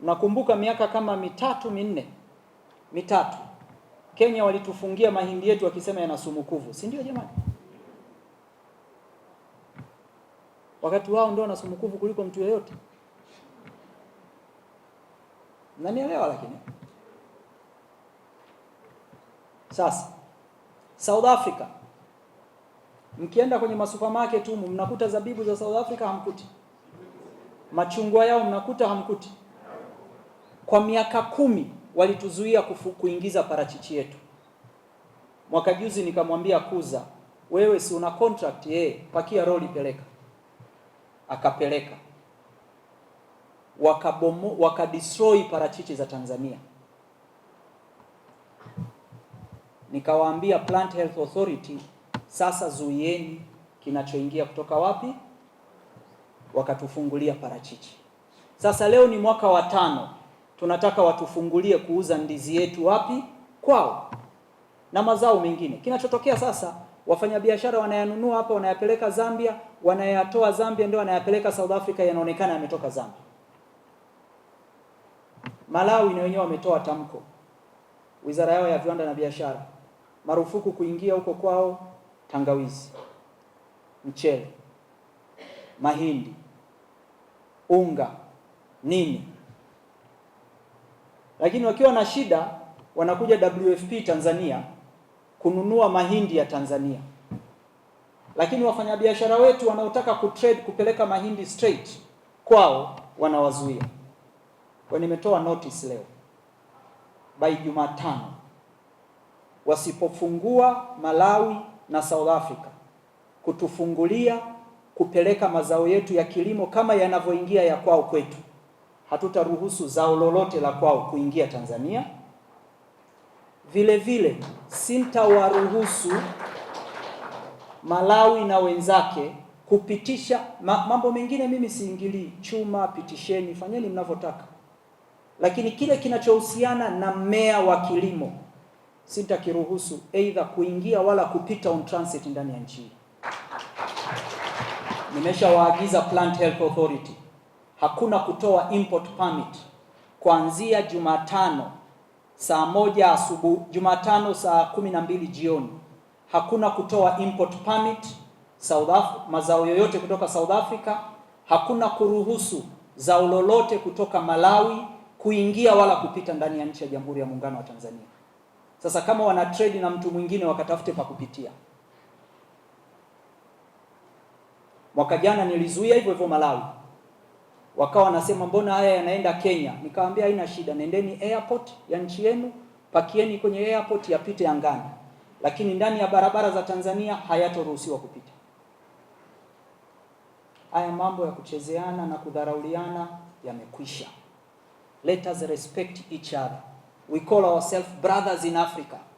Nakumbuka miaka kama mitatu minne mitatu, Kenya walitufungia mahindi yetu wakisema yana sumu kuvu, si ndio jamani? Wakati wao ndio wana sumu kuvu kuliko mtu yeyote, nanielewa. Lakini sasa South Africa, mkienda kwenye masupermarket humu mnakuta zabibu za South Africa hamkuti, machungwa yao mnakuta hamkuti kwa miaka kumi walituzuia kufu, kuingiza parachichi yetu. Mwaka juzi nikamwambia Kuza, wewe si una contract yeye, pakia roli peleka. Akapeleka, wakabomo wakadestroy parachichi za Tanzania. Nikawaambia Plant Health Authority, sasa zuieni kinachoingia kutoka wapi? Wakatufungulia parachichi. Sasa leo ni mwaka wa tano tunataka watufungulie kuuza ndizi yetu wapi? Kwao na mazao mengine. Kinachotokea sasa, wafanyabiashara wanayanunua hapa, wanayapeleka Zambia, wanayatoa Zambia ndio wanayapeleka South Africa, yanaonekana yametoka Zambia. Malawi na wenyewe wametoa tamko, wizara yao ya viwanda na biashara, marufuku kuingia huko kwao tangawizi, mchele, mahindi, unga, nini lakini wakiwa na shida wanakuja WFP Tanzania kununua mahindi ya Tanzania, lakini wafanyabiashara wetu wanaotaka kutrade kupeleka mahindi straight kwao wanawazuia. Kwa nimetoa notice leo by Jumatano, wasipofungua Malawi na South Africa kutufungulia kupeleka mazao yetu ya kilimo kama yanavyoingia ya kwao kwetu hatutaruhusu zao lolote la kwao kuingia Tanzania. Vile vile sintawaruhusu Malawi na wenzake kupitisha ma, mambo mengine mimi siingilii, chuma pitisheni, fanyeni mnavyotaka, lakini kile kinachohusiana na mmea wa kilimo sintakiruhusu aidha kuingia wala kupita on transit ndani ya nchi. Nimeshawaagiza Plant Health Authority hakuna kutoa import permit kuanzia Jumatano saa moja asubuhi, Jumatano saa kumi na mbili jioni. Hakuna kutoa import permit South Africa, mazao yoyote kutoka South Africa. Hakuna kuruhusu zao lolote kutoka Malawi kuingia wala kupita ndani ya nchi ya Jamhuri ya Muungano wa Tanzania. Sasa kama wana trade na mtu mwingine wakatafute pa kupitia. Mwaka jana nilizuia hivyo hivyo Malawi wakawa wanasema mbona haya yanaenda Kenya? Nikamwambia haina shida, nendeni airport ya nchi yenu, pakieni kwenye airport yapite angani, lakini ndani ya barabara za Tanzania hayatoruhusiwa kupita. Haya mambo ya kuchezeana na kudharauliana yamekwisha. Let us respect each other. We call ourselves brothers in Africa.